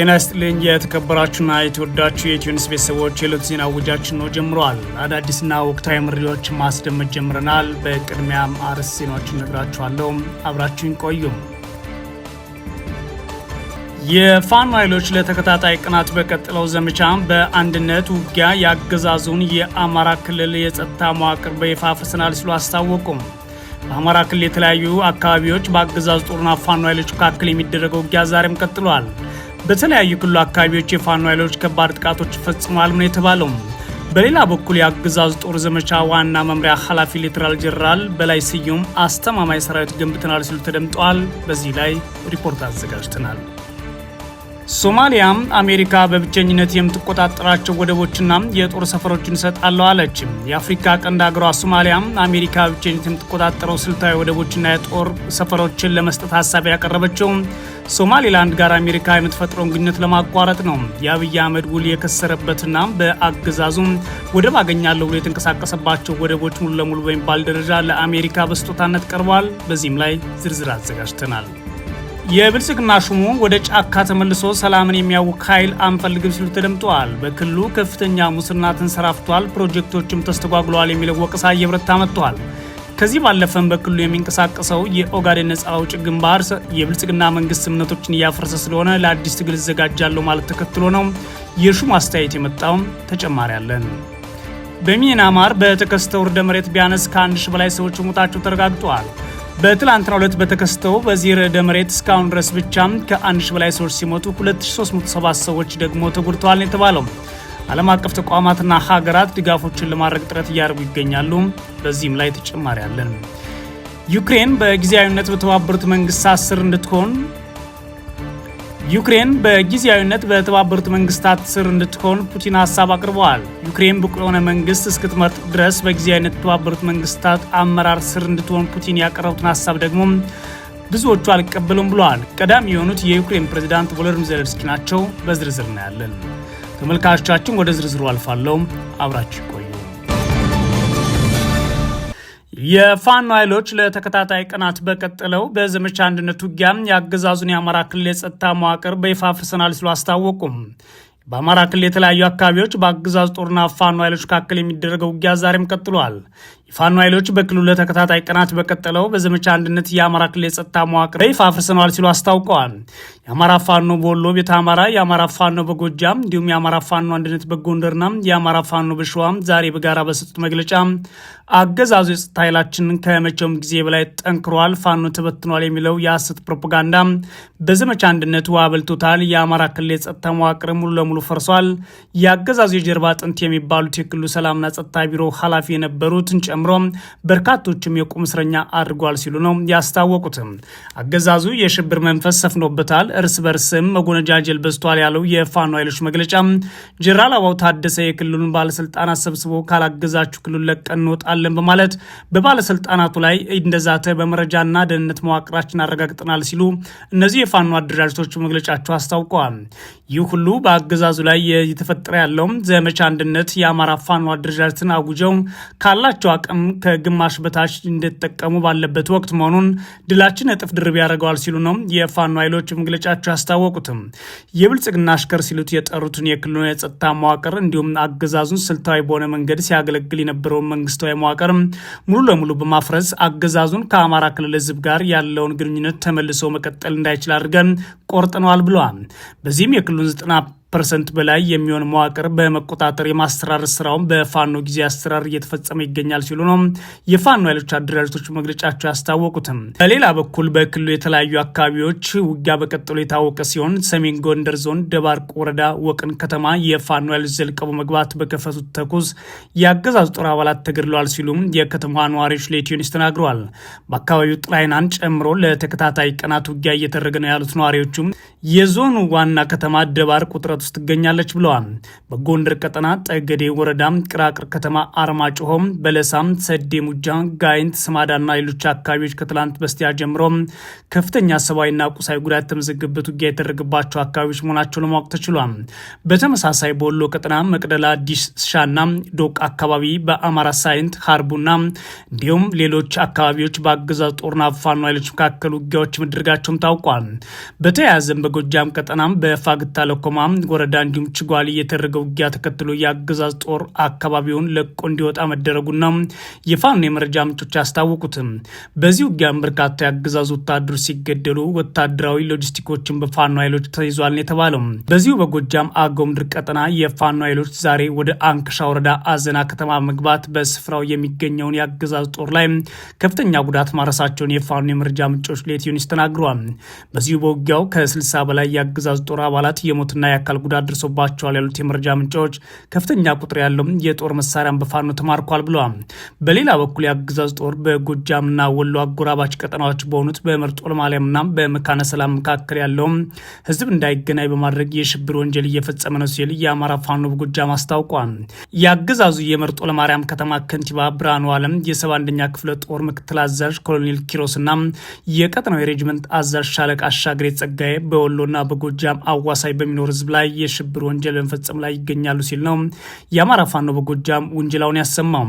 ጤና ይስጥልኝ የተከበራችሁና የተወዳችሁ የኢትዮኒስ ቤተሰቦች የዕለቱ ዜና ውጃችን ነው ጀምረዋል። አዳዲስና ወቅታዊ መረጃዎችን ማስደመጥ ጀምረናል። በቅድሚያም አርዕስተ ዜናዎችን ነግራችኋለሁ። አብራችሁን ቆዩ። የፋኖ ኃይሎች ለተከታታይ ቀናት በቀጥለው ዘመቻ በአንድነት ውጊያ ያገዛዙን የአማራ ክልል የጸጥታ መዋቅር በይፋ ፈርሰናል ሲሉ አስታወቁም። በአማራ ክልል የተለያዩ አካባቢዎች በአገዛዙ ጦርና ፋኖ ኃይሎች መካከል የሚደረገው ውጊያ ዛሬም ቀጥሏል። በተለያዩ ክልሉ አካባቢዎች የፋኖ ኃይሎች ከባድ ጥቃቶች ፈጽመዋል ነው የተባለው። በሌላ በኩል የአገዛዝ ጦር ዘመቻ ዋና መምሪያ ኃላፊ ሌተናል ጄኔራል በላይ ስዩም አስተማማኝ ሰራዊት ገንብተናል ሲሉ ተደምጠዋል። በዚህ ላይ ሪፖርት አዘጋጅተናል። ሶማሊያ አሜሪካ በብቸኝነት የምትቆጣጠራቸው ወደቦችና የጦር ሰፈሮችን እንሰጣለሁ አለች። የአፍሪካ ቀንድ አገሯ ሶማሊያ አሜሪካ በብቸኝነት የምትቆጣጠረው ስልታዊ ወደቦችና የጦር ሰፈሮችን ለመስጠት ሀሳብ ያቀረበችው ሶማሌላንድ ጋር አሜሪካ የምትፈጥረውን ግንኙነት ለማቋረጥ ነው። የአብይ አህመድ ውል የከሰረበትና በአገዛዙም ወደብ አገኛለሁ ብሎ የተንቀሳቀሰባቸው ወደቦች ሙሉ ለሙሉ በሚባል ደረጃ ለአሜሪካ በስጦታነት ቀርበዋል። በዚህም ላይ ዝርዝር አዘጋጅተናል። የብልጽግና ሹሙ ወደ ጫካ ተመልሶ ሰላምን የሚያውክ ኃይል አንፈልግም ሲሉ ተደምጠዋል። በክልሉ ከፍተኛ ሙስና ተንሰራፍቷል፣ ፕሮጀክቶችም ተስተጓግለዋል የሚለው ወቀሳ እየበረታ ታመጥቷል። ከዚህ ባለፈም በክልሉ የሚንቀሳቀሰው የኦጋዴን ነጻ አውጭ ግንባር የብልጽግና መንግስት እምነቶችን እያፈረሰ ስለሆነ ለአዲስ ትግል እዘጋጃለሁ ማለት ተከትሎ ነው የሹም አስተያየት የመጣውም ተጨማሪ አለን። በሚያንማር በተከስተው እርደ መሬት ቢያንስ ከአንድ ሺ በላይ ሰዎች ሞታቸው ተረጋግጠዋል። በትላንትና ዕለት በተከስተው በዚህ ርዕደ መሬት እስካሁን ድረስ ብቻ ከ1000 በላይ ሰዎች ሲሞቱ 2307 ሰዎች ደግሞ ተጎድተዋል ነው የተባለው። ዓለም አቀፍ ተቋማትና ሀገራት ድጋፎችን ለማድረግ ጥረት እያደረጉ ይገኛሉ። በዚህም ላይ ተጨማሪ አለን። ዩክሬን በጊዜያዊነት በተባበሩት መንግስታት ስር እንድትሆን ዩክሬን በጊዜያዊነት በተባበሩት መንግስታት ስር እንድትሆን ፑቲን ሀሳብ አቅርበዋል። ዩክሬን ብቁ የሆነ መንግስት እስክትመርጥ ድረስ በጊዜያዊነት የተባበሩት መንግስታት አመራር ስር እንድትሆን ፑቲን ያቀረቡትን ሀሳብ ደግሞ ብዙዎቹ አልቀበሉም ብለዋል። ቀዳሚ የሆኑት የዩክሬን ፕሬዚዳንት ቮሎድሚር ዜሌንስኪ ናቸው። በዝርዝር እናያለን። ተመልካቾቻችን፣ ወደ ዝርዝሩ አልፋለሁ። አብራችሁ ቆዩ። የፋኖ ኃይሎች ለተከታታይ ቀናት በቀጠለው በዘመቻ አንድነት ውጊያ የአገዛዙን የአማራ ክልል የጸጥታ መዋቅር በይፋ ፍርሰናል ሲሉ አስታወቁም። በአማራ ክልል የተለያዩ አካባቢዎች በአገዛዙ ጦርና ፋኖ ኃይሎች መካከል የሚደረገው ውጊያ ዛሬም ቀጥሏል። የፋኖ ኃይሎች በክልሉ ለተከታታይ ቀናት በቀጠለው በዘመቻ አንድነት የአማራ ክልል የጸጥታ መዋቅር በይፋ አፍርሰነዋል ሲሉ አስታውቀዋል። የአማራ ፋኖ በወሎ ቤተ አማራ፣ የአማራ ፋኖ በጎጃም እንዲሁም የአማራ ፋኖ አንድነት በጎንደርና የአማራ ፋኖ በሸዋ ዛሬ በጋራ በሰጡት መግለጫ አገዛዙ የጸጥታ ኃይላችንን ከመቼውም ጊዜ በላይ ጠንክሯል፣ ፋኖ ተበትኗል የሚለው የሐሰት ፕሮፓጋንዳ በዘመቻ አንድነት ውሃ በልቶታል። የአማራ ክልል የጸጥታ መዋቅር ሙሉ ለሙሉ ፈርሷል። የአገዛዙ የጀርባ አጥንት የሚባሉት የክልሉ ሰላምና ጸጥታ ቢሮ ኃላፊ የነበሩትን ጨምሮ ጨምሮ በርካቶችም የቁም እስረኛ አድርጓል ሲሉ ነው ያስታወቁትም። አገዛዙ የሽብር መንፈስ ሰፍኖበታል፣ እርስ በርስም መጎነጃጀል በዝቷል ያለው የፋኖ ኃይሎች መግለጫ ጀነራል አበባው ታደሰ የክልሉን ባለስልጣናት ሰብስቦ ካላገዛችሁ ክልሉን ለቀን እንወጣለን በማለት በባለስልጣናቱ ላይ እንደዛተ በመረጃና ደህንነት መዋቅራችን አረጋግጠናል ሲሉ እነዚህ የፋኖ አደራጅቶች መግለጫቸው አስታውቀዋል። ይህ ሁሉ በአገዛዙ ላይ የተፈጠረ ያለው ዘመቻ አንድነት የአማራ ፋኖ አደረጃጀትን አጉጀው ካላቸው አቅም አቅም ከግማሽ በታች እንደተጠቀሙ ባለበት ወቅት መሆኑን ድላችን እጥፍ ድርብ ያደርገዋል ሲሉ ነው የፋኖ ኃይሎች መግለጫቸው ያስታወቁትም። የብልጽግና አሽከር ሲሉት የጠሩትን የክልሉን የጸጥታ መዋቅር እንዲሁም አገዛዙን ስልታዊ በሆነ መንገድ ሲያገለግል የነበረውን መንግስታዊ መዋቅር ሙሉ ለሙሉ በማፍረስ አገዛዙን ከአማራ ክልል ህዝብ ጋር ያለውን ግንኙነት ተመልሶ መቀጠል እንዳይችል አድርገን ቆርጥነዋል ብለዋል። በዚህም የክልሉን ዘጠና ፐርሰንት በላይ የሚሆን መዋቅር በመቆጣጠር የማስተራር ስራውን በፋኖ ጊዜ አሰራር እየተፈጸመ ይገኛል ሲሉ ነው የፋኖ ኃይሎች አደራጅቶች መግለጫቸው ያስታወቁትም። በሌላ በኩል በክልሉ የተለያዩ አካባቢዎች ውጊያ በቀጠሉ የታወቀ ሲሆን ሰሜን ጎንደር ዞን ደባርቅ ወረዳ ወቅን ከተማ የፋኖ ኃይሎች ዘልቀው መግባት በከፈቱት ተኩስ የአገዛዙ ጦር አባላት ተገድለዋል ሲሉም የከተማዋ ነዋሪዎች ለኢትዮኒስ ተናግረዋል። በአካባቢው ጥራይናን ጨምሮ ለተከታታይ ቀናት ውጊያ እየተደረገ ነው ያሉት ነዋሪዎቹም የዞኑ ዋና ከተማ ደባርቅ ውጥረቱ ውስጥ ትገኛለች ብለዋል። በጎንደር ቀጠና ጠገዴ ወረዳም ቅራቅር ከተማ፣ አርማጭሆም፣ በለሳም፣ ሰዴ ሙጃ፣ ጋይንት፣ ስማዳና ሌሎች አካባቢዎች ከትላንት በስቲያ ጀምሮ ከፍተኛ ሰብአዊና ቁሳዊ ጉዳት የተመዘገበት ውጊያ የተደረገባቸው አካባቢዎች መሆናቸው ለማወቅ ተችሏል። በተመሳሳይ በወሎ ቀጠና መቅደላ፣ ዲሻና ሻና ዶቅ አካባቢ በአማራ ሳይንት ሀርቡና እንዲሁም ሌሎች አካባቢዎች በአገዛዝ ጦርና ፋኖ ኃይሎች መካከል ውጊያዎች መደረጋቸውም ታውቋል። በተያያዘም በጎጃም ቀጠናም በፋግታ ለኮማ ወረዳ እንዲሁም ችጓል እየተደረገው ውጊያ ተከትሎ የአገዛዝ ጦር አካባቢውን ለቆ እንዲወጣ መደረጉና የፋኖ የመረጃ ምንጮች ያስታወቁትም። በዚህ ውጊያም በርካታ የአገዛዝ ወታደሮች ሲገደሉ ወታደራዊ ሎጂስቲኮችን በፋኖ ኃይሎች ተይዟል የተባለው በዚሁ በጎጃም አገው ምድር ቀጠና የፋኖ ኃይሎች ዛሬ ወደ አንክሻ ወረዳ አዘና ከተማ መግባት በስፍራው የሚገኘውን የአገዛዝ ጦር ላይ ከፍተኛ ጉዳት ማረሳቸውን የፋኖ የመረጃ ምንጮች ለኢትዮኒውስ ተናግረዋል። በዚሁ በውጊያው ከ60 በላይ የአገዛዝ ጦር አባላት የሞትና የአካል ጉዳት ደርሶባቸዋል ያሉት የመረጃ ምንጮች ከፍተኛ ቁጥር ያለው የጦር መሳሪያን በፋኖ ተማርኳል ብለዋል። በሌላ በኩል የአገዛዝ ጦር በጎጃምና ወሎ አጎራባች ቀጠናዎች በሆኑት በመርጦ ለማርያምና በመካነ ሰላም መካከል ያለውም ህዝብ እንዳይገናኝ በማድረግ የሽብር ወንጀል እየፈጸመ ነው ሲል የአማራ ፋኖ በጎጃም አስታውቋል። የአገዛዙ የመርጦ ለማርያም ከተማ ከንቲባ ብርሃኑ አለም፣ የሰባ አንደኛ ክፍለ ጦር ምክትል አዛዥ ኮሎኔል ኪሮስና የቀጠናው የሬጅመንት አዛዥ ሻለቃ አሻግሬ ጸጋዬ በወሎና በጎጃም አዋሳኝ በሚኖር ህዝብ ላይ የሽብር ወንጀል በመፈጸም ላይ ይገኛሉ ሲል ነው የአማራ ፋኖ በጎጃም ውንጀላውን ያሰማው።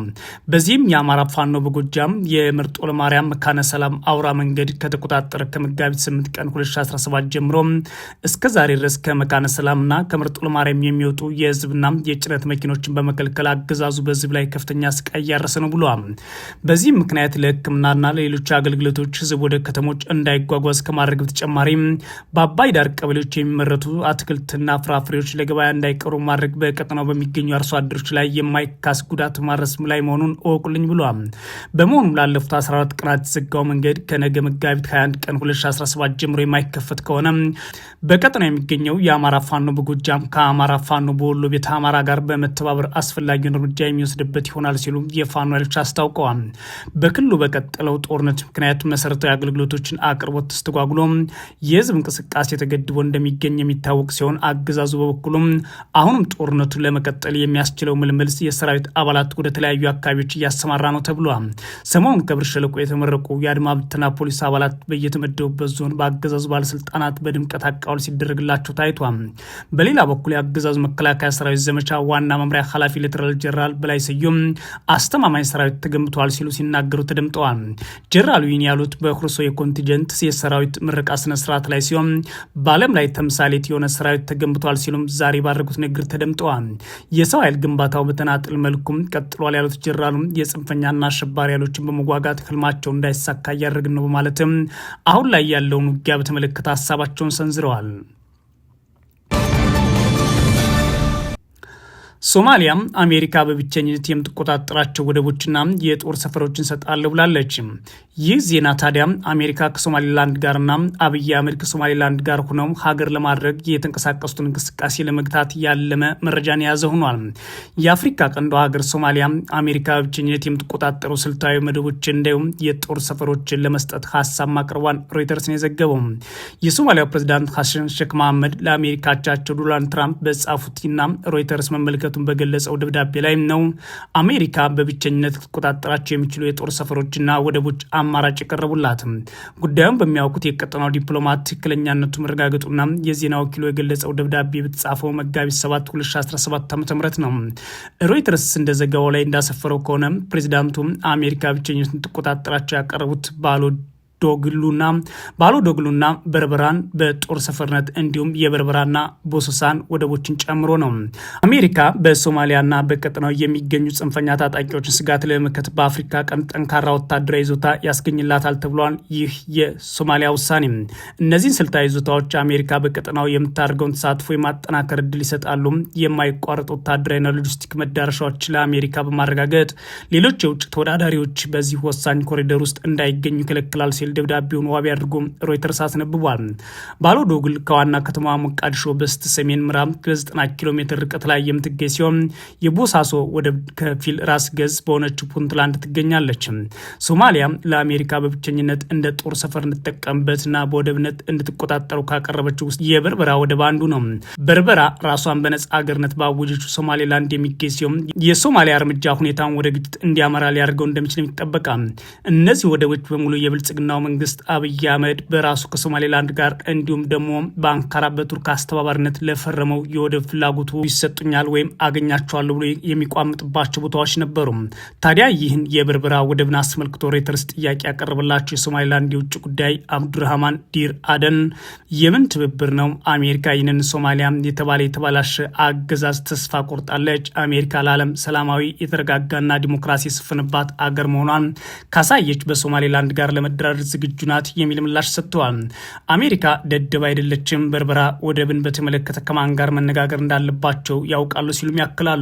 በዚህም የአማራ ፋኖ በጎጃም የምርጦ ለማርያም መካነ ሰላም አውራ መንገድ ከተቆጣጠረ ከመጋቢት 8 ቀን 2017 ጀምሮ እስከ ዛሬ ድረስ ከመካነ ሰላምና ከምርጦ ለማርያም የሚወጡ የህዝብና የጭነት መኪኖችን በመከልከል አገዛዙ በህዝብ ላይ ከፍተኛ ስቃይ እያረሰ ነው ብሏል። በዚህም ምክንያት ለህክምናና ለሌሎች አገልግሎቶች ህዝብ ወደ ከተሞች እንዳይጓጓዝ ከማድረግ በተጨማሪ በአባይ ዳር ቀበሌዎች የሚመረቱ አትክልትና ፍራ ፍራፍሬዎች ለገበያ እንዳይቀሩ ማድረግ በቀጠናው በሚገኙ አርሶ አደሮች ላይ የማይካስ ጉዳት ማድረስም ላይ መሆኑን እወቁልኝ ብሏል። በመሆኑም ላለፉት 14 ቀናት የተዘጋው መንገድ ከነገ መጋቢት 21 ቀን 2017 ጀምሮ የማይከፈት ከሆነ በቀጠናው የሚገኘው የአማራ ፋኖ በጎጃም ከአማራ ፋኖ በወሎ ቤተ አማራ ጋር በመተባበር አስፈላጊውን እርምጃ የሚወስድበት ይሆናል ሲሉ የፋኖ ኃይሎች አስታውቀዋል። በክልሉ በቀጠለው ጦርነት ምክንያት መሰረታዊ አገልግሎቶችን አቅርቦት ተስተጓጉሎ የህዝብ እንቅስቃሴ ተገድቦ እንደሚገኝ የሚታወቅ ሲሆን አግ አገዛዙ በበኩሉም አሁንም ጦርነቱን ለመቀጠል የሚያስችለው ምልምል የሰራዊት አባላት ወደ ተለያዩ አካባቢዎች እያሰማራ ነው ተብሏል። ሰሞኑን ከብር ሸለቆ የተመረቁ የአድማ ብተና ፖሊስ አባላት በየተመደቡበት ዞን በአገዛዙ ባለስልጣናት በድምቀት አቃውል ሲደረግላቸው ታይቷል። በሌላ በኩል የአገዛዙ መከላከያ ሰራዊት ዘመቻ ዋና መምሪያ ኃላፊ ሌተናል ጀነራል በላይ ስዩም አስተማማኝ ሰራዊት ተገንብተዋል ሲሉ ሲናገሩ ተደምጠዋል። ጀነራሉ ይህን ያሉት በሁርሶ የኮንቲጀንት የሰራዊት ምረቃ ስነስርዓት ላይ ሲሆን በዓለም ላይ ተምሳሌት የሆነ ሰራዊት ተገንብቶ ተሰምተዋል ሲሉም ዛሬ ባደረጉት ንግግር ተደምጠዋል። የሰው ኃይል ግንባታው በተናጥል መልኩም ቀጥሏል ያሉት ጀራሉ የጽንፈኛና አሸባሪ ኃይሎችን በመዋጋት ህልማቸው እንዳይሳካ እያደረግን ነው በማለትም አሁን ላይ ያለውን ውጊያ በተመለከተ ሀሳባቸውን ሰንዝረዋል። ሶማሊያ አሜሪካ በብቸኝነት የምትቆጣጠራቸው ወደቦችና የጦር ሰፈሮችን ሰጣለሁ ብላለች። ይህ ዜና ታዲያ አሜሪካ ከሶማሌላንድ ጋርና አብይ አህመድ ከሶማሌላንድ ጋር ሆነው ሀገር ለማድረግ የተንቀሳቀሱትን እንቅስቃሴ ለመግታት ያለመ መረጃን የያዘ ሆኗል። የአፍሪካ ቀንዶ ሀገር ሶማሊያ አሜሪካ በብቸኝነት የምትቆጣጠሩ ስልታዊ መደቦች እንዲሁም የጦር ሰፈሮችን ለመስጠት ሀሳብ ማቅረቧን ሮይተርስ ነው የዘገበው። የሶማሊያው ፕሬዚዳንት ሀሰን ሼክ መሐመድ ለአሜሪካቻቸው ዶናልድ ትራምፕ በጻፉትና ሮይተርስ መመልከቱ መሰማራቱን በገለጸው ደብዳቤ ላይም ነው አሜሪካ በብቸኝነት ልትቆጣጠራቸው የሚችሉ የጦር ሰፈሮችና ወደቦች አማራጭ የቀረቡላትም። ጉዳዩን በሚያውቁት የቀጠናው ዲፕሎማት ትክክለኛነቱ መረጋገጡና የዜና ወኪሉ የገለጸው ደብዳቤ የተጻፈው መጋቢት 7 2017 ዓ.ም ነው። ሮይተርስ እንደዘገባው ላይ እንዳሰፈረው ከሆነ ፕሬዚዳንቱ አሜሪካ ብቸኝነት ትቆጣጠራቸው ያቀረቡት ባሎ ዶግሉና ባሎ ዶግሉና በርበራን በጦር ሰፈርነት እንዲሁም የበርበራና ቦሶሳን ወደቦችን ጨምሮ ነው። አሜሪካ በሶማሊያና በቀጠናው የሚገኙ ጽንፈኛ ታጣቂዎችን ስጋት ለመመከት በአፍሪካ ቀንድ ጠንካራ ወታደራዊ ይዞታ ያስገኝላታል ተብሏል። ይህ የሶማሊያ ውሳኔ እነዚህን ስልታዊ ይዞታዎች አሜሪካ በቀጠናው የምታደርገውን ተሳትፎ የማጠናከር እድል ይሰጣሉ። የማይቋረጥ ወታደራዊና ሎጂስቲክ መዳረሻዎች ለአሜሪካ በማረጋገጥ ሌሎች የውጭ ተወዳዳሪዎች በዚህ ወሳኝ ኮሪደር ውስጥ እንዳይገኙ ይከለክላል ሲል ደብዳቤውን ዋቢ አድርጎ ሮይተርስ አስነብቧል። ባሎዶግል ከዋና ከተማ ሞቃዲሾ በስተ ሰሜን ምዕራብ ከ 90 ኪሎ ሜትር ርቀት ላይ የምትገኝ ሲሆን የቦሳሶ ወደብ ከፊል ራስ ገዝ በሆነችው ፑንትላንድ ትገኛለች። ሶማሊያ ለአሜሪካ በብቸኝነት እንደ ጦር ሰፈር እንድትጠቀምበትና በወደብነት እንድትቆጣጠሩ ካቀረበችው ውስጥ የበርበራ ወደብ አንዱ ነው። በርበራ ራሷን በነጻ አገርነት ባወጀችው ሶማሌላንድ የሚገኝ ሲሆን የሶማሊያ እርምጃ ሁኔታን ወደ ግጭት እንዲያመራ ሊያደርገው እንደሚችል ይጠበቃል። እነዚህ ወደቦች በሙሉ የብልጽግናው መንግስት አብይ አህመድ በራሱ ከሶማሌላንድ ጋር እንዲሁም ደግሞ በአንካራ በቱርክ አስተባባሪነት ለፈረመው የወደብ ፍላጎቱ ይሰጡኛል ወይም አገኛቸዋለሁ ብሎ የሚቋምጥባቸው ቦታዎች ነበሩ። ታዲያ ይህን የበርበራ ወደብን አስመልክቶ ሬተርስ ጥያቄ ያቀረበላቸው የሶማሌላንድ የውጭ ጉዳይ አብዱራህማን ዲር አደን የምን ትብብር ነው? አሜሪካ ይህንን ሶማሊያ የተባለ የተባላሸ አገዛዝ ተስፋ ቆርጣለች። አሜሪካ ለዓለም ሰላማዊ የተረጋጋና ዲሞክራሲ የሰፈነባት አገር መሆኗን ካሳየች በሶማሌላንድ ጋር ለመደራደር ዝግጁ ናት የሚል ምላሽ ሰጥተዋል። አሜሪካ ደደብ አይደለችም፣ በርበራ ወደብን በተመለከተ ከማን ጋር መነጋገር እንዳለባቸው ያውቃሉ ሲሉም ያክላሉ።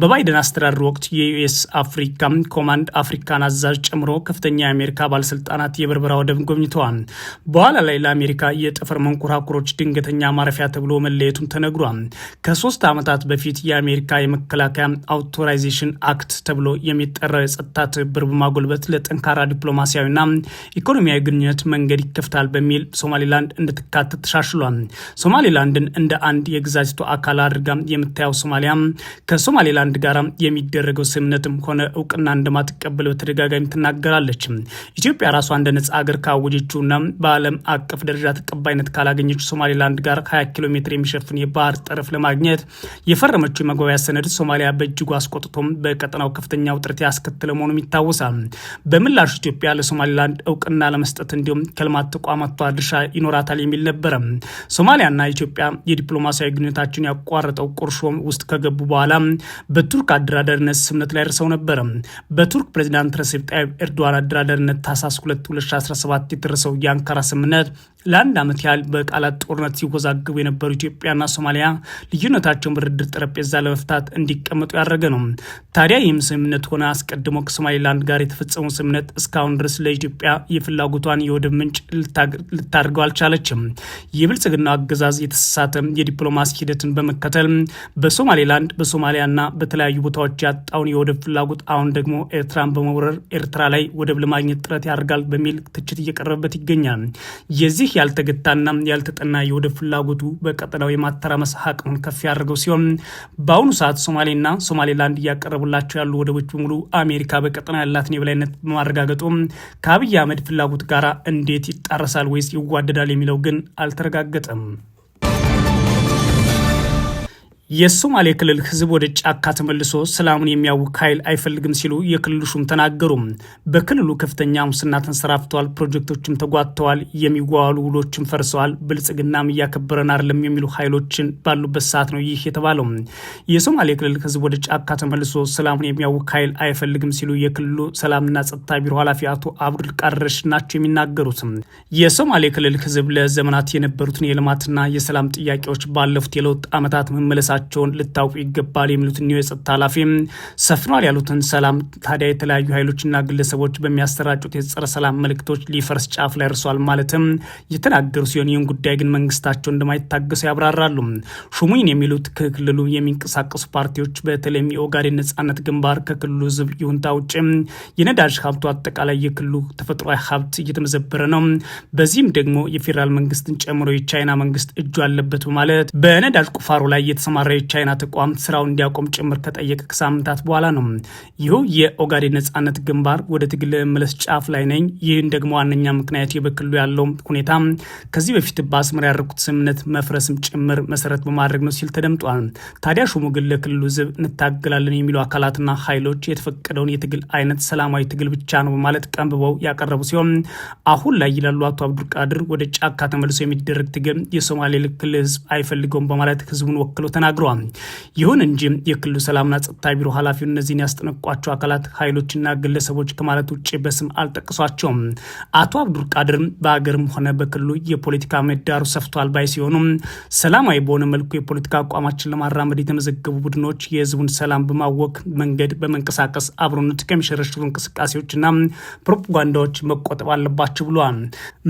በባይደን አስተዳደር ወቅት የዩኤስ አፍሪካ ኮማንድ አፍሪካን አዛዥ ጨምሮ ከፍተኛ የአሜሪካ ባለስልጣናት የበርበራ ወደብን ጎብኝተዋል። በኋላ ላይ ለአሜሪካ የጠፈር መንኮራኩሮች ድንገተኛ ማረፊያ ተብሎ መለየቱም ተነግሯል። ከሶስት ዓመታት በፊት የአሜሪካ የመከላከያ አውቶራይዜሽን አክት ተብሎ የሚጠራው የጸጥታ ትብብር በማጎልበት ለጠንካራ ዲፕሎማሲያዊና የኢኮኖሚያዊ ግንኙነት መንገድ ይከፍታል በሚል ሶማሌላንድ እንድትካተት ተሻሽሏል። ሶማሌላንድን እንደ አንድ የግዛጅቱ አካል አድርጋ የምታየው ሶማሊያ ከሶማሌላንድ ጋር የሚደረገው ስምምነትም ሆነ እውቅና እንደማትቀበል በተደጋጋሚ ትናገራለች። ኢትዮጵያ ራሷ እንደ ነጻ አገር ካወጀችውና በዓለም አቀፍ ደረጃ ተቀባይነት ካላገኘች ሶማሌላንድ ጋር 20 ኪሎ ሜትር የሚሸፍን የባህር ጠረፍ ለማግኘት የፈረመችው የመግባቢያ ሰነድ ሶማሊያ በእጅጉ አስቆጥቶም በቀጠናው ከፍተኛ ውጥረት ያስከተለ መሆኑም ይታወሳል። በምላሹ ኢትዮጵያ ለሶማሌላንድ እውቅና እውቅና ለመስጠት እንዲሁም ከልማት ተቋማት ድርሻ ይኖራታል የሚል ነበረ። ሶማሊያና ኢትዮጵያ የዲፕሎማሲያዊ ግንኙነታቸውን ያቋረጠው ቁርሾ ውስጥ ከገቡ በኋላ በቱርክ አደራዳሪነት ስምነት ላይ ደርሰው ነበረ። በቱርክ ፕሬዚዳንት ረሴፕ ጣይብ ኤርዶዋን አደራዳሪነት ታህሳስ 2 2017 የተደረሰው የአንካራ ስምነት ለአንድ ዓመት ያህል በቃላት ጦርነት ሲወዛገቡ የነበሩ ኢትዮጵያና ሶማሊያ ልዩነታቸውን በድርድር ጠረጴዛ ለመፍታት እንዲቀመጡ ያደረገ ነው። ታዲያ ይህም ስምምነት ሆነ አስቀድሞ ከሶማሌላንድ ጋር የተፈጸመው ስምምነት እስካሁን ድረስ ለኢትዮጵያ የፍላጎቷን የወደብ ምንጭ ልታደርገው አልቻለችም። የብልጽግና አገዛዝ የተሳሳተ የዲፕሎማሲ ሂደትን በመከተል በሶማሌላንድ በሶማሊያና በተለያዩ ቦታዎች ያጣውን የወደብ ፍላጎት አሁን ደግሞ ኤርትራን በመውረር ኤርትራ ላይ ወደብ ለማግኘት ጥረት ያደርጋል በሚል ትችት እየቀረበበት ይገኛል። የዚህ ይህ ያልተገታና ያልተጠና የወደብ ፍላጎቱ በቀጠናው የማተራመስ አቅሙን ከፍ ያደርገው ሲሆን በአሁኑ ሰዓት ሶማሌና ሶማሌላንድ እያቀረቡላቸው ያሉ ወደቦች በሙሉ አሜሪካ በቀጠና ያላትን የበላይነት በማረጋገጡ ከአብይ አህመድ ፍላጎት ጋር እንዴት ይጣረሳል ወይስ ይዋደዳል የሚለው ግን አልተረጋገጠም። የሶማሌ ክልል ህዝብ ወደ ጫካ ተመልሶ ሰላምን የሚያውክ ኃይል አይፈልግም ሲሉ የክልሉ ሹም ተናገሩ። በክልሉ ከፍተኛ ሙስና ተንሰራፍተዋል፣ ፕሮጀክቶችም ተጓተዋል፣ የሚዋዋሉ ውሎችም ፈርሰዋል፣ ብልጽግናም እያከበረን አይደለም የሚሉ ኃይሎችን ባሉበት ሰዓት ነው ይህ የተባለው። የሶማሌ ክልል ህዝብ ወደ ጫካ ተመልሶ ሰላሙን የሚያውክ ኃይል አይፈልግም ሲሉ የክልሉ ሰላምና ጸጥታ ቢሮ ኃላፊ አቶ አብዱል ቀረሽ ናቸው የሚናገሩት። የሶማሌ ክልል ህዝብ ለዘመናት የነበሩትን የልማትና የሰላም ጥያቄዎች ባለፉት የለውጥ ዓመታት መመለሳ መሆናቸውን ልታውቁ ይገባል የሚሉት እኒሁ የጸጥታ ኃላፊ ሰፍኗል ያሉትን ሰላም ታዲያ የተለያዩ ኃይሎችና ግለሰቦች በሚያሰራጩት የጸረ ሰላም መልእክቶች ሊፈርስ ጫፍ ላይ ደርሷል ማለትም የተናገሩ ሲሆን ይህን ጉዳይ ግን መንግስታቸው እንደማይታገሱ ያብራራሉ። ሹሙኝን የሚሉት ከክልሉ የሚንቀሳቀሱ ፓርቲዎች በተለይም የኦጋዴን ነጻነት ግንባር ከክልሉ ህዝብ ይሁንታ ውጭ የነዳጅ ሀብቱ አጠቃላይ የክልሉ ተፈጥሯዊ ሀብት እየተመዘበረ ነው። በዚህም ደግሞ የፌዴራል መንግስትን ጨምሮ የቻይና መንግስት እጁ አለበት በማለት በነዳጅ ቁፋሮ ላይ እየተሰማረ የቀረ የቻይና ተቋም ስራውን እንዲያቆም ጭምር ከጠየቀ ከሳምንታት በኋላ ነው። ይኸው የኦጋዴን ነጻነት ግንባር ወደ ትግል መለስ ጫፍ ላይ ነኝ። ይህን ደግሞ ዋነኛ ምክንያት የበክሉ ያለው ሁኔታ ከዚህ በፊት በአስመራ ያደረኩት ስምምነት መፍረስም ጭምር መሰረት በማድረግ ነው ሲል ተደምጧል። ታዲያ ሹሙ ግን ለክልሉ ህዝብ እንታገላለን የሚሉ አካላትና ኃይሎች የተፈቀደውን የትግል አይነት ሰላማዊ ትግል ብቻ ነው በማለት ቀንብበው ያቀረቡ ሲሆን አሁን ላይ ይላሉ አቶ አብዱልቃድር ወደ ጫካ ተመልሶ የሚደረግ ትግል የሶማሌ ክልል ህዝብ አይፈልገውም በማለት ህዝቡን ወክለው ተናግረዋል። ተናግረዋል። ይሁን እንጂ የክልሉ ሰላምና ጸጥታ ቢሮ ኃላፊው እነዚህን ያስጠነቋቸው አካላት ኃይሎችና ግለሰቦች ከማለት ውጭ በስም አልጠቅሷቸውም። አቶ አብዱር ቃድር በሀገርም ሆነ በክልሉ የፖለቲካ ምህዳሩ ሰፍቷል ባይ ሲሆኑም ሰላማዊ በሆነ መልኩ የፖለቲካ አቋማችን ለማራመድ የተመዘገቡ ቡድኖች የህዝቡን ሰላም በማወክ መንገድ በመንቀሳቀስ አብሮነት ከሚሸረሽሩ እንቅስቃሴዎችና ፕሮፓጋንዳዎች መቆጠብ አለባቸው ብለዋል።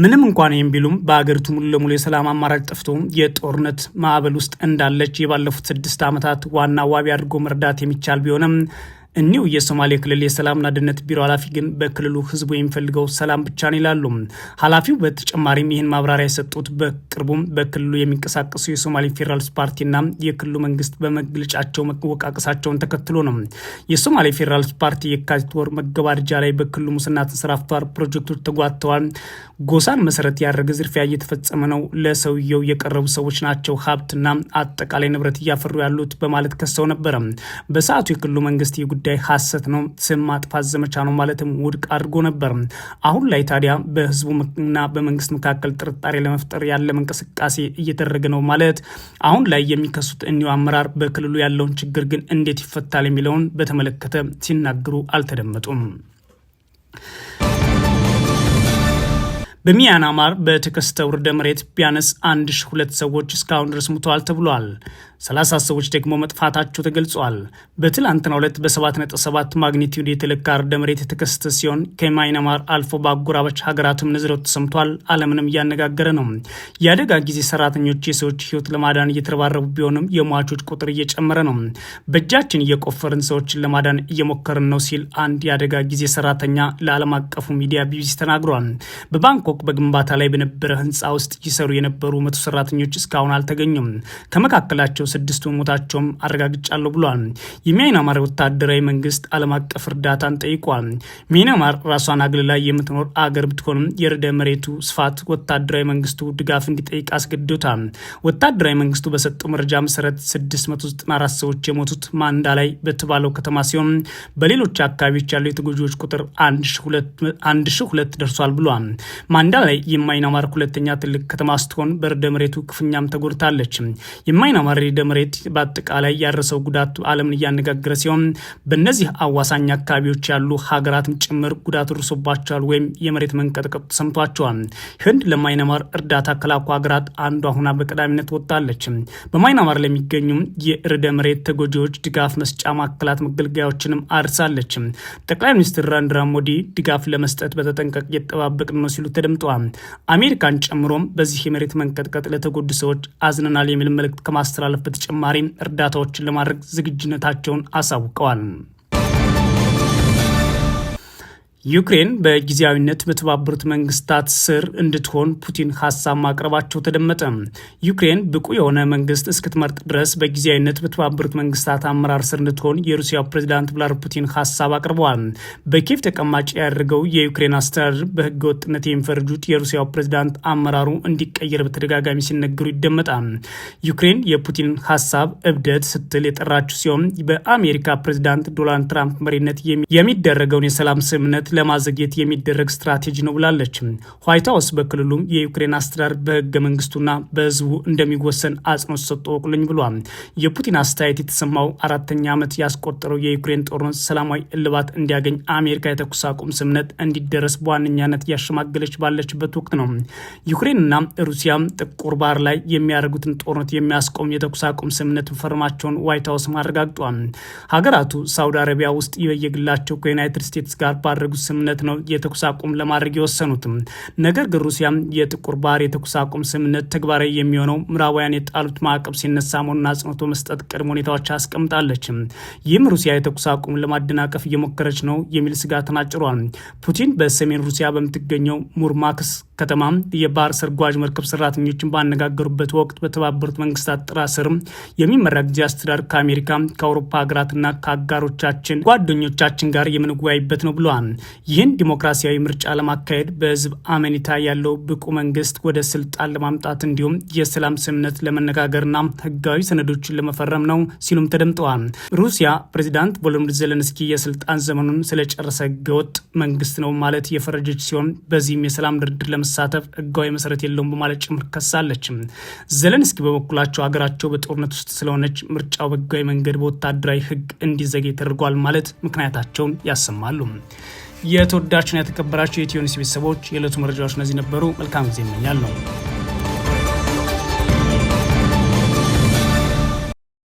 ምንም እንኳን ይህም ቢሉም በሀገሪቱ ሙሉ ለሙሉ የሰላም አማራጭ ጠፍቶ የጦርነት ማዕበል ውስጥ እንዳለች የባለፉ ባለፉት ስድስት ዓመታት ዋና ዋቢ አድርጎ መርዳት የሚቻል ቢሆንም እኒው የሶማሌ ክልል የሰላምና ደህንነት ቢሮ ኃላፊ ግን በክልሉ ህዝቡ የሚፈልገው ሰላም ብቻ ነው ይላሉ። ኃላፊው በተጨማሪም ይህን ማብራሪያ የሰጡት በቅርቡም በክልሉ የሚንቀሳቀሱ የሶማሌ ፌዴራልስ ፓርቲና የክልሉ መንግስት በመግለጫቸው መወቃቀሳቸውን ተከትሎ ነው። የሶማሌ ፌዴራልስ ፓርቲ የካቲት ወር መገባደጃ ላይ በክልሉ ሙስና ተንሰራፍቷል፣ ፕሮጀክቶች ተጓተዋል፣ ጎሳን መሰረት ያደረገ ዝርፊያ እየተፈጸመ ነው፣ ለሰውየው የቀረቡ ሰዎች ናቸው ሀብትና አጠቃላይ ንብረት እያፈሩ ያሉት በማለት ከሰው ነበረ። በሰዓቱ የክልሉ መንግስት የጉዳይ ጉዳይ ሀሰት ነው፣ ስም ማጥፋት ዘመቻ ነው ማለትም ውድቅ አድርጎ ነበር። አሁን ላይ ታዲያ በህዝቡና በመንግስት መካከል ጥርጣሬ ለመፍጠር ያለም እንቅስቃሴ እየተደረገ ነው ማለት አሁን ላይ የሚከሱት እኒው አመራር በክልሉ ያለውን ችግር ግን እንዴት ይፈታል የሚለውን በተመለከተ ሲናገሩ አልተደመጡም። በሚያናማር በተከሰተ ውርደ መሬት ቢያንስ አንድ ሺህ ሁለት ሰዎች እስካሁን ድረስ ሙተዋል ተብሏል። 30 ሰዎች ደግሞ መጥፋታቸው ተገልጿል። በትላንትና ዕለት በ7.7 ማግኒቲዩድ የተለካ ርዕደ መሬት የተከሰተ ሲሆን ከማይናማር አልፎ በአጎራባች ሀገራትም ንዝረቱ ተሰምቷል። ዓለምንም እያነጋገረ ነው። የአደጋ ጊዜ ሰራተኞች የሰዎች ህይወት ለማዳን እየተረባረቡ ቢሆንም የሟቾች ቁጥር እየጨመረ ነው። በእጃችን እየቆፈርን ሰዎችን ለማዳን እየሞከርን ነው ሲል አንድ የአደጋ ጊዜ ሰራተኛ ለዓለም አቀፉ ሚዲያ ቢቢሲ ተናግሯል። በባንኮክ ፎቅ በግንባታ ላይ በነበረ ህንፃ ውስጥ ይሰሩ የነበሩ መቶ ሰራተኞች እስካሁን አልተገኙም። ከመካከላቸው ስድስቱ መሞታቸውም አረጋግጫለሁ ብሏል። የሚያንማር ወታደራዊ መንግስት ዓለም አቀፍ እርዳታን ጠይቋል። ሚያንማር ራሷን አግልላ የምትኖር አገር ብትሆንም የርዕደ መሬቱ ስፋት ወታደራዊ መንግስቱ ድጋፍ እንዲጠይቅ አስገድዶታል። ወታደራዊ መንግስቱ በሰጠው መረጃ መሰረት 694 ሰዎች የሞቱት ማንዳ ላይ በተባለው ከተማ ሲሆን በሌሎች አካባቢዎች ያሉ የተጎጂዎች ቁጥር 1200 ደርሷል ብሏል። ማንዳ ላይ የማይናማር ሁለተኛ ትልቅ ከተማ ስትሆን በርዕደ መሬቱ ክፉኛም ተጎድታለች። የማይናማር ርዕደ መሬት በአጠቃላይ ያደረሰው ጉዳት ዓለምን እያነጋገረ ሲሆን በእነዚህ አዋሳኝ አካባቢዎች ያሉ ሀገራትም ጭምር ጉዳት ደርሶባቸዋል ወይም የመሬት መንቀጥቀጥ ተሰምቷቸዋል። ህንድ ለማይናማር እርዳታ ከላኩ ሀገራት አንዷ ሆና በቀዳሚነት ወጥታለች። በማይናማር ለሚገኙ የርዕደ መሬት ተጎጂዎች ድጋፍ መስጫ ማዕከላት መገልገያዎችንም አድርሳለች። ጠቅላይ ሚኒስትር ራንድራ ሞዲ ድጋፍ ለመስጠት በተጠንቀቅ እየተጠባበቅን ነው ሲሉ ተደምጠዋል። አሜሪካን ጨምሮም በዚህ የመሬት መንቀጥቀጥ ለተጎዱ ሰዎች አዝነናል የሚል መልእክት ከማስተላለፍ በተጨማሪ እርዳታዎችን ለማድረግ ዝግጁነታቸውን አሳውቀዋል። ዩክሬን በጊዜያዊነት በተባበሩት መንግስታት ስር እንድትሆን ፑቲን ሀሳብ ማቅረባቸው ተደመጠ። ዩክሬን ብቁ የሆነ መንግስት እስክትመርጥ ድረስ በጊዜያዊነት በተባበሩት መንግስታት አመራር ስር እንድትሆን የሩሲያ ፕሬዚዳንት ቭላድሚር ፑቲን ሀሳብ አቅርበዋል። በኪየቭ ተቀማጭ ያደረገው የዩክሬን አስተዳደር በህገ ወጥነት የሚፈርጁት የሩሲያው ፕሬዚዳንት አመራሩ እንዲቀየር በተደጋጋሚ ሲነገሩ ይደመጣል። ዩክሬን የፑቲን ሀሳብ እብደት ስትል የጠራችው ሲሆን በአሜሪካ ፕሬዚዳንት ዶናልድ ትራምፕ መሪነት የሚደረገውን የሰላም ስምምነት ለማዘግየት የሚደረግ ስትራቴጂ ነው ብላለች። ዋይት ሀውስ በክልሉም የዩክሬን አስተዳደር በህገ መንግስቱና በህዝቡ እንደሚወሰን አጽንኦት ሰጥቶ ወቅልኝ ብሏል። የፑቲን አስተያየት የተሰማው አራተኛ ዓመት ያስቆጠረው የዩክሬን ጦርነት ሰላማዊ እልባት እንዲያገኝ አሜሪካ የተኩስ አቁም ስምነት እንዲደረስ በዋነኛነት ያሸማገለች ባለችበት ወቅት ነው። ዩክሬንና ሩሲያ ጥቁር ባህር ላይ የሚያደርጉትን ጦርነት የሚያስቆም የተኩስ አቁም ስምነት ፈርማቸውን ዋይት ሀውስ ማረጋግጧል። ሀገራቱ ሳውዲ አረቢያ ውስጥ የየግላቸው ከዩናይትድ ስቴትስ ጋር ባደረጉ ስምምነት ነው የተኩስ አቁም ለማድረግ የወሰኑትም። ነገር ግን ሩሲያ የጥቁር ባህር የተኩስ አቁም ስምምነት ተግባራዊ የሚሆነው ምዕራባውያን የጣሉት ማዕቀብ ሲነሳ መሆኑን አጽንኦት በመስጠት ቅድመ ሁኔታዎች አስቀምጣለች። ይህም ሩሲያ የተኩስ አቁም ለማደናቀፍ እየሞከረች ነው የሚል ስጋትን አጭሯል። ፑቲን በሰሜን ሩሲያ በምትገኘው ሙርማክስ ከተማ የባህር ሰርጓጅ መርከብ ሰራተኞችን ባነጋገሩበት ወቅት በተባበሩት መንግስታት ጥራ ስር የሚመራ ጊዜ አስተዳደር ከአሜሪካ ከአውሮፓ ሀገራትና ከአጋሮቻችን ጓደኞቻችን ጋር የምንወያይበት ነው ብለዋል። ይህን ዲሞክራሲያዊ ምርጫ ለማካሄድ በህዝብ አመኔታ ያለው ብቁ መንግስት ወደ ስልጣን ለማምጣት እንዲሁም የሰላም ስምምነት ለመነጋገርና ህጋዊ ሰነዶችን ለመፈረም ነው ሲሉም ተደምጠዋል። ሩሲያ ፕሬዚዳንት ቮሎዲሚር ዜሌንስኪ የስልጣን ዘመኑን ስለጨረሰ ህገወጥ መንግስት ነው ማለት የፈረጀች ሲሆን በዚህም የሰላም ድርድር ለመ መሳተፍ ህጋዊ መሰረት የለውም በማለት ጭምር ከሳለች። ዘለንስኪ በበኩላቸው ሀገራቸው በጦርነት ውስጥ ስለሆነች ምርጫው በህጋዊ መንገድ በወታደራዊ ህግ እንዲዘገይ ተደርጓል ማለት ምክንያታቸውን ያሰማሉ። የተወዳችሁና የተከበራቸው የኢትዮ ኒውስ ቤተሰቦች የዕለቱ መረጃዎች እነዚህ ነበሩ። መልካም ጊዜ እመኛለሁ።